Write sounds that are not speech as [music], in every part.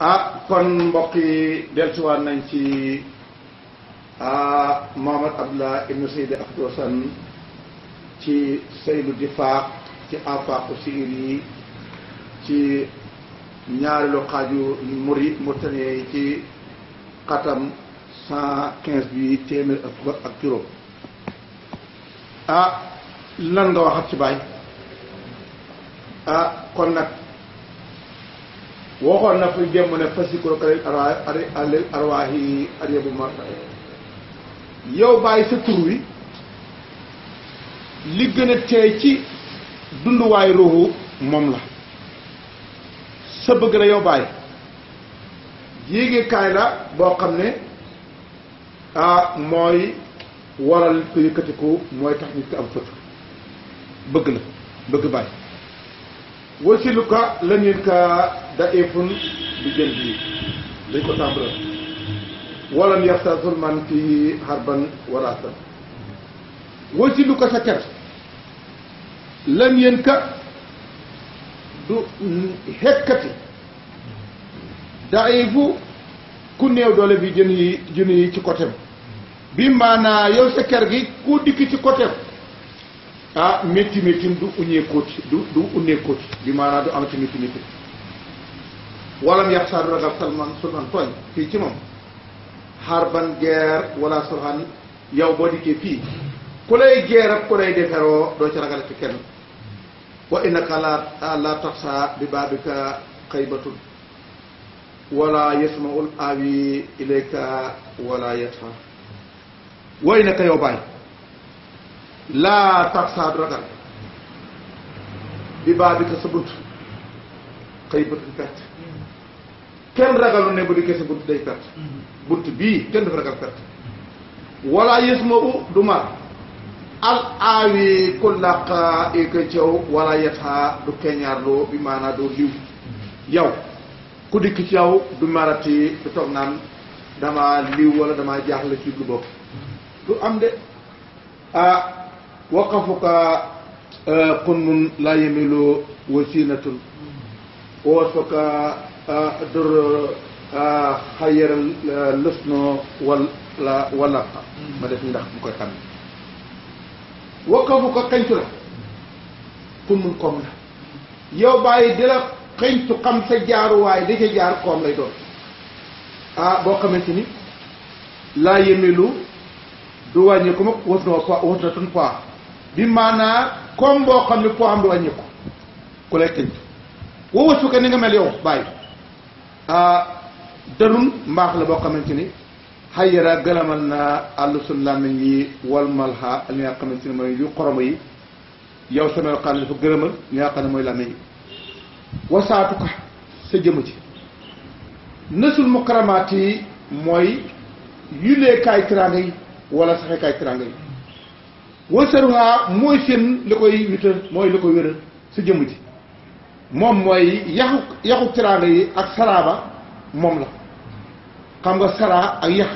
ah kon mbokk yi dellusiwaat nañ ci ah Mohamad Abdullah ibnu Seydi Afdosan ci Seydu Difaaq ci afaqu siir yi ci ñaareelu xaaju muri murtaniye ci xatam cent quinze bi téeméer ak ak juróom ah lan ci bàyyi waxoon na fu démb ne fasikro kalil arlil arwaahi aryabu yow bàyyi sa tur wi li gën a teey ci dunduwaay ruuxu moom la sa bëgg la yow bàyyi yéegeekaay la boo xam ne ah mooy waral ku yëkkatiku mooy tax nit ki am fëtt bëgg la bëgg bàyyi wasiluka la nit ka daifun bi jël bii dañ ko tàmbale walam yaxsa zulman fii harban warasan wasi lu ko sa ker lam yéen ka du xekkati daifu ku néew doole bi jën yi jën yi ci côté bi maanaa yow sa ker gi ku dikk ci côté ah métti métti du uñee kóoti du uñee kóoti bi maanaa du amati métti métti walam yax saan ragal salman sulman tooñ fii ci moom xaar ban guerre wala sulhan yow boo dikkee fii ku lay guerre ak ku ci ragal ci kenn wa innaka la la wala yasmaul awi ilayka wala yatfa wa innaka yow baay laa taxsa du ragal bi baabika kenn ragalu ne bu dikkee sa bunt day perte mhm. bunt bii kenn dafa ragal perte wala yasmau du mar al aawi kullaqa ika caw wala yata du keñaarloo bi maanaa doo liw mhm. yow ku dikk ci yow du marati du toog naan dama liw wala dama jaaxle ci lu bopp mhm. du am de ah waqafuka xunnun la yemilu wasinatun ووفق در خير اللسن واللقى ما ديف ndax mu koy xam wakkamu ko xeñtu la pour mun koom la yow bàyyi di la xam sa jaaruwaay li ca jaar koom lay doon ah boo xamante ni laa yemilu du wàññeeku ma wut noo poids wut bi maanaa koom boo xam ne poids am du wàññeeku ku lay xeñtu woo wës fukkee ni nga mel yow bàyyi ah, danun mbaax la boo xamante ni xayyara gëlamal naa àllu sun làmmiñ yi wal malha li nga xamante mooy yu xorom yi yow sa melokaan dafa gërëmal li nga xam ne mooy làmmiñ yi wasaatu ka sa jëmm ci nësul mukaramaat mooy yuleekaay tiraanga yi wala saxekaay tiraanga yi wasaruha mooy seen li koy witar mooy li koy wéral sa jëmm ci moom mooy yaxu yaxu tiraanga yi ak saraa moom la xam nga saraa ak yax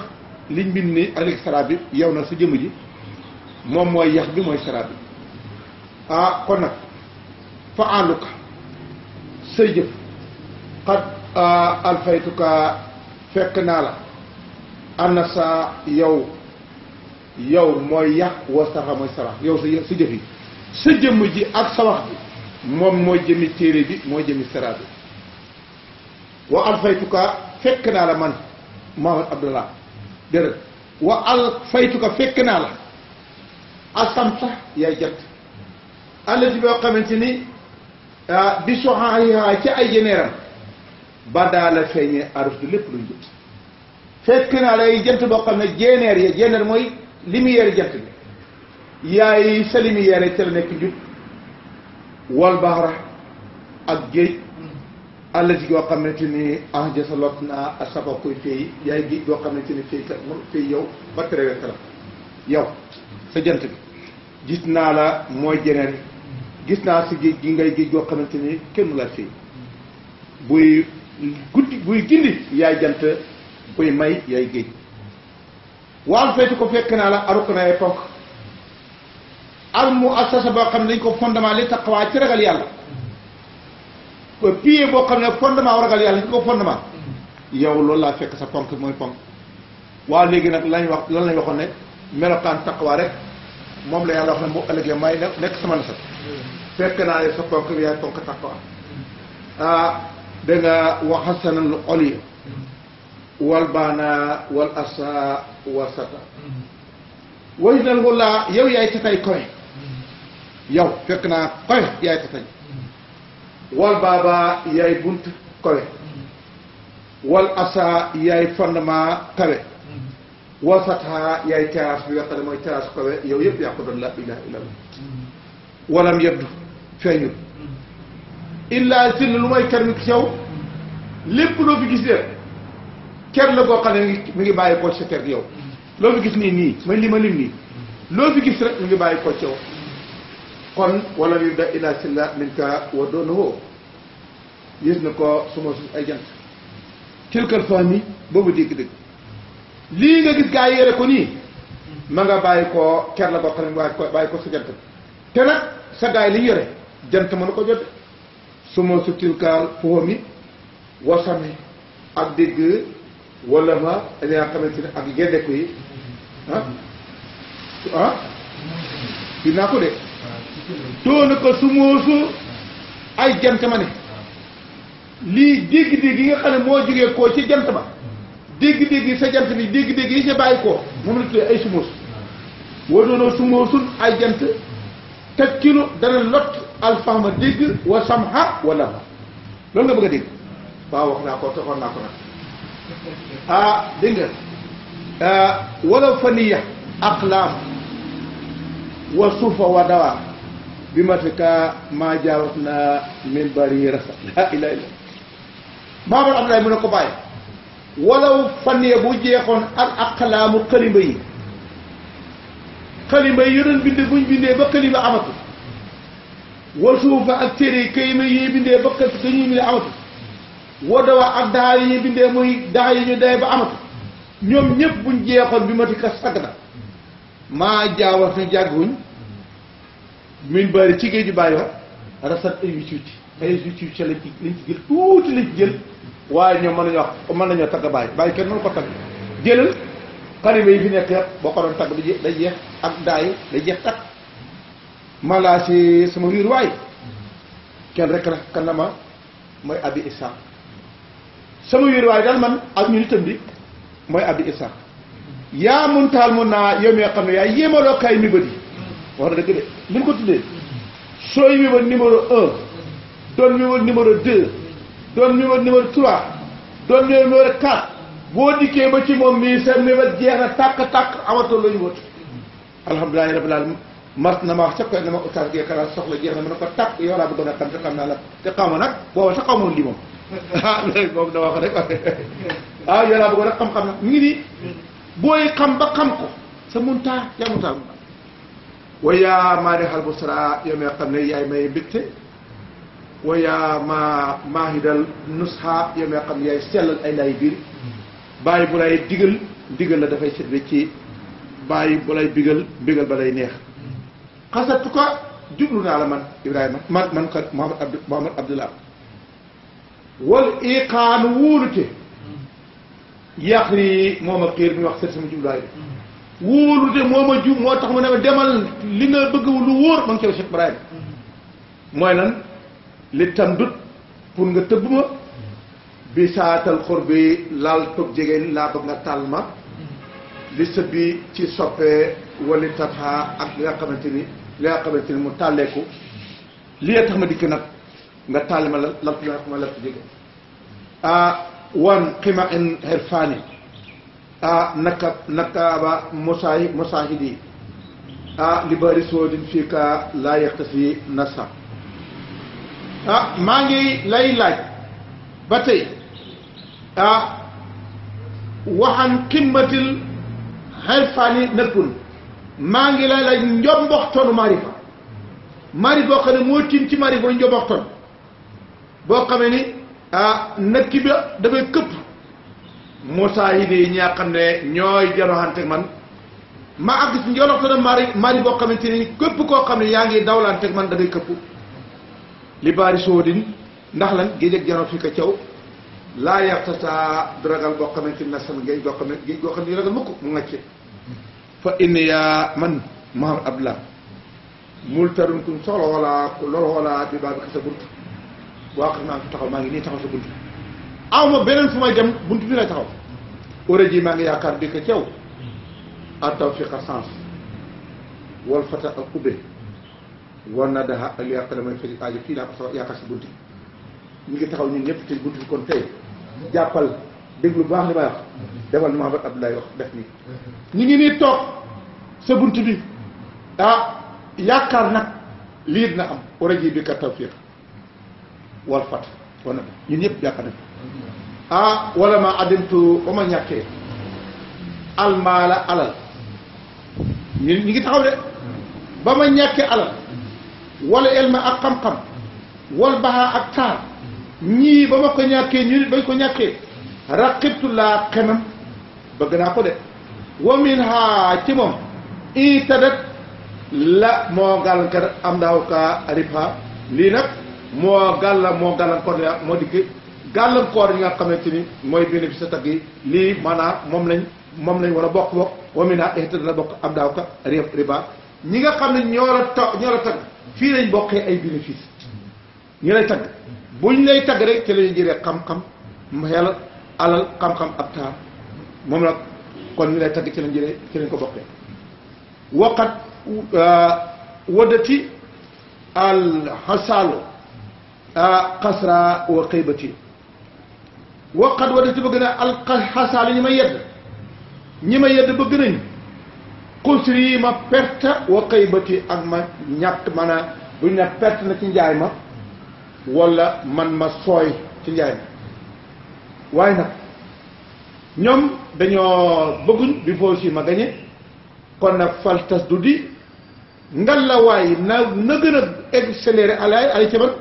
liñ bind ni ak léegi saraa bi yow na sa jëmm ji moom mooy yax bi mooy saraa bi ah kon nag fa ànduka say jëf xat ah, alfaytuka fekk naa la anna sa yow yow mooy yax wa sara mooy saraa yow sa sa jëf yi sa jëmm ji ak sa wax moom moo jëmi téere bi mooy jëmi sara bi wa alfaytuka fekk naa la man Mohamad Abdallah dërë wa alfaytuka fekk naa la asam sax yaay jant allati boo xamante ni ah, bi soxaaya ci ay jeneeram ba daa la feeñee aruf du lépp luñ jot fekk naa la ay jant boo xam ne jeneer ya jeneer jant bi yaay sa lumière ca la nekk njub wal bahra ak géej àll ji yoo xamante ni en jasalot naa asaba koy fay yaay géej yoo xamante ni fay fay yow ba traversé yow sa jant bi gis naa la mooy jeneen gis naa si géej gi ngay géej yoo xamante ni kenn la fay buy guddi buy gindi yaay jant buy may yaay géej waal feeti ko fekk naa la aruko naay ponk al mu assasa boo xam ne dañ ko fondement li taqwa ci ragal yàlla ko pied boo xam ne fondement ragal yàlla ci ko fondement yow loolu laa fekk sa ponk mooy ponk waaw léegi nag lañ wax lan lañ waxoon ne melokaan taqwa rek moom la yàlla wax ne mu ëllëgee may nekk sama na sa fekk naa ne sa ponk bi yaay ponk taqwa ah da nga waxasanal ol yi wal baana wal asa wal sata wajnal wulaa yow yaay sa tay koy yow fekk naa kowe yaay ko sañ wal baaba yaay bunt kowe wal asa yaay fondement kawe wal fatha yaay terrasse bi nga xam ne mooy terrasse kawe yow yëpp yaa ko doon la ilaha illa allah walam yebdu feeñul illaa sinn lu mooy ker mi ci yow lépp loo fi gis dee ker la goo xam ne mi ngi bàyyi ko ci sa ker yow loo fi gis nii nii man li ma lim nii loo fi gis rek mi ngi bàyyi ko ci yow kon wala yu da ila silla min wa doona woo gis na ko suma suuf ay jant tilkal fahmi boobu dégg-dégg lii nga gis gaa yi yére ko nii ma nga bàyyi koo ker la boo xam ne ko bàyyi ko sa jant te nag sa gaa yi li ñu yore jant mënu ko jot suma su tilkaal fahmi wasami ak dégg wala ma li nga ak yeddeku yi ah ah dinaa ko de doona ko su moosu ay jant ma ne lii dégg-dégg yi nga xam ne moo jógee koo ci jant ba dégg-dégg yi sa jant bi dégg-dégg yi sa bàyyi koo munu tuddee ay su moosu wa doona su moosun ay jant teg dana lot alfahma dégg wa samha wa lama loolu nga bëgg a dégg waaw wax naa ko waxoon naa ko nag ah dégg nga ah, wala faniya aqlaam wa sufa wa dawaa bi matika maa jaarat na min rasa laa ilaha illa maamal Abdoulaye mu ne ko bàyyi walaw fan ye bu jeexoon al aqlaamu xalima yi xalima yi yonoon binde buñ bindee ba xalima amatu wa suufa ak téere yi kayima yi bindee ba xël dañuy bindee amatu wa dawa ak daxa yi ñuy bindee muy daxa ñu day ba amatu ñoom ñëpp buñ jeexoon bi matika sagg na maa jaawas na jàgguñ min bari ci géeju bàyyi wa rasat invitude invitude ca lañ ci lañ ci jël tuuti lañ ci jël waaye ñoom mën nañoo wax tagg bàyyi bàyyi kenn mënu ko tagg jëlal xarima yi fi nekk yëpp boo ko doon tagg du jeex day ak daay day jeex takk ma laa si sama riir waay kenn rek la kan mooy abi Issa sama riir waay daal man ak ñu nitam bi mooy abi Issa yaa mun taal mun naa yow mi xam ne yaay yéemaloo kaay mi bët yi wax na dëgg de ni mu ko tuddee sooy wi ba numéro un doon wi ba numéro deux doon wi ba numéro trois doon wi quatre boo dikkee ba ci moom mii sa mébét jeex na tàkk tàkk amatoo la ñu wut alhamdulilah rabbil alamin mars na ma wax ca koy na ma oustaz Guèye Kara soxla jeex na ma ne ko tàkk yow laa bëggoon a xam te xam naa la te xaw ma nag booba sax xaw ma woon lii moom [laughs] ah léegi boobu da wax [laughs] ah, nag ngi nii booy xam ba xam ko sa muntaa yaa muntaa wayaa maa dexal bu sara yow mee xam ne yaay may mbégte wayaa maa maahidal nusha yow mee xam ne yaay sellal ay lay biir bàyyi bu lay digal digal la dafay set ci bàyyi bu lay bigal bigal ba lay neex xasatu ko jublu naa la man Ibrahima man man ko Mohamad Abdu Mohamad Abdullah wal iqaanu wóolute yàq hmm. yi moom a xiir mi wax set sama jubluwaay wóolute moo ma ju moo tax ma ne ma demal li nga bëgg lu wóor ma ngi cew Cheikh Ibrahima mooy lan li tam dut pour nga tëbb ma bi saatal xor bi laal toog jegéen laa bëgg nga tàll ma li sëb bi ci soppee wala tafa ak li nga xamante ni li nga xamante ni mu tàlleeku li nga tax ma dikk nag nga tàll ma la lal nga xam ma lal jege ah wan xima in xerfaani a naka nakaaba musaahib musaahidi a li bari soodin fii ka laa nasa maa ngi lay laaj ba tey ah waxan ximmatil xerfaani maa ngi lay laaj njomboxtonu marifa mari boo xam ne moo tiim ci mari boo njomboxton boo xamee ni ah ba dafay këpp musaahide yi ñi nga xam ne ñooy janoxante man ma àgg si njoloxte na mari mari boo xamante ni képp koo xam ne yaa ngi dawlante man da ngay këpp li baari soo soodin ndax lan géej ak jano fi ko caw laa yartata du ragal boo xamante ni nag san géej goo xam ne géej goo xam ne ragal mukk mu ngacce fa inniya man Muhammad Abdullah mul tarun kun soxla wala lool wala bi baa bi ka sa bunt waa xam naa fi taxaw maa ngi nii taxaw sa bunt awma beneen fu may dem buntu bi lay taxaw óora ji maa ngi yaakaar dikk ceew a tawfiqa sens wal fata ak ubbe war na daxa ak yàq damay faj aajo fii laa ko sa yaakaar ñu ngi taxaw ñun ñëpp ci buntu bi kon jàppal déglu bu baax li may wax defal Mouhamed def nii ñu ngi nii toog sa buntu bi ah yaakaar nag lii dina am óora ji bi ka tawfiq wal fat war na ñun ñëpp ah wala ma addimtu ba ma ñàkkee almaala alal ñu ñu ngi taxaw de ba ma ñàkkee alal wala elma ak xam-xam wal baxaa ak taar ñii ba ma ko ñàkkee ñu nit bañ ko ñàkkee raqibtu laa xenam bëgg naa ko de wa min haa ci moom itadat la moo gàllankar am daaw ka ripa lii nag moo gàlla moo gàllankoor moo dikk gàllankoor yi nga xamante ni mooy bénéfice tag yi lii maanaam moom lañ moom lañ war a bokk bokk wamina ihta dana bokk am daaw ka riba ñi nga xam ne ñoo la tag ñoo la tag fii lañ bokkee ay bénéfice ñu lay tag buñ lay tag rek ci lañu jëlee xam-xam xel alal xam-xam ak taar moom nag kon ñu lay tagg ci lañ jëlee ci lañ ko bokkee waqat euh, waddati al xasaalu xasra euh, wa xëybati waqat wa def bëgg na alxasaali ñu ma yedd ñi ma yedd bëgg nañ xusri yi ma perte wa ak ma ñàkk man a duñ ne perte na ci njaay ma wala man ma sooy ci njaay ma waaye nag ñoom dañoo bëgguñ bi foo si ma gañe kon nag fal tas du di ngal la waay na na gën a accéléré alaay ali ci man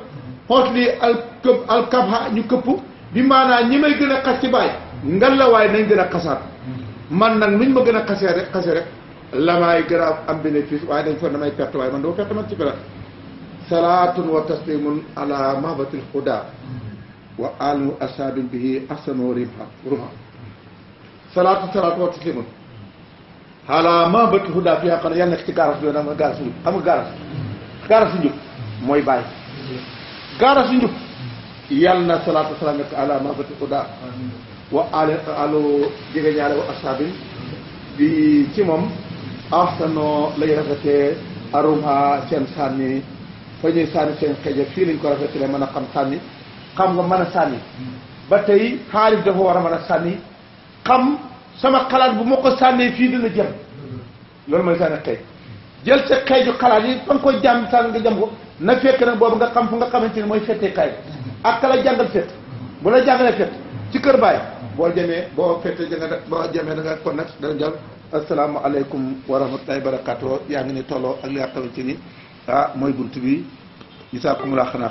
xoot lii al këpp ñu këpp bi maanaam ñi may gën a xas ci bàyyi ngallaawaay nañ gën a xasaat man nag nuñ ma gën a xasee rek xasee rek la maay gën a am bénéfice waaye dañ foog damay perte waaye man dama perte man ci perte. salaatun wa taslimun ala mahbatil huda wa alimu ashabin bihi ahsanu rimha ruha salaatu salaatu wa taslimun ala mahbatil huda fi yàqal yàlla nekk ci gaaras yoon am nga gaaras njub am nga gaaras gaaras njub mooy bàyyi gaaras njub yàlla na salaatu wa salaam ala mahbati uda wa ali alu jege ñaale wa ashabin bi ci moom ahsano lay rafetee aruha seen sànni fa ñuy sànni seen xeeja fii lañ ko rafetee mën a xam sànni xam nga man a sànni ba tey xaalis dafa war a man a sànni xam sama xalaat bu ma ko sànnee fii dina jëm loolu mooy sànni xeej jël sa xeeju xalaat yi ba nga ko jàmm sànni nga jëm ko na fekk nag boobu nga xam fu nga xamante ni mooy fettee kaay ak kala jàngal fett bu la jàngalee fett ci kër baay boo jamee boo fettee janga boo jamee da nga kon nag dana jàll asalaamaaleykum wa rahmatulahi barakaatu yaa ngi ni tolloo ak li nga xamante ni ah mooy bunt bi gisaakumulaa xanaa